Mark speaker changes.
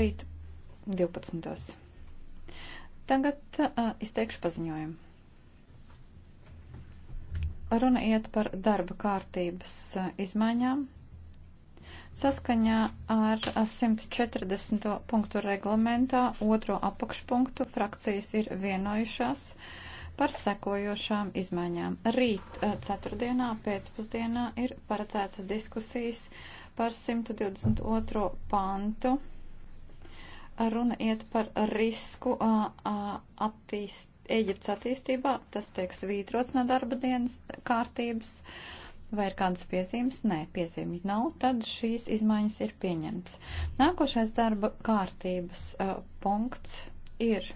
Speaker 1: rīt 12. Tagad uh, izteikšu paziņojumu. Runa iet par darba kārtības uh, izmaiņām. Saskaņā ar 140. punktu reglamentā otro apakšpunktu frakcijas ir vienojušās par sekojošām izmaiņām. Rīt uh, ceturtdienā pēcpusdienā ir paredzētas diskusijas par 122. pantu runa iet par risku attīst, Eģiptes attīstībā, tas tiek svītrots no darba dienas kārtības. Vai ir kādas piezīmes? Nē, piezīmes nav, tad šīs izmaiņas ir pieņemts. Nākošais darba kārtības uh, punkts ir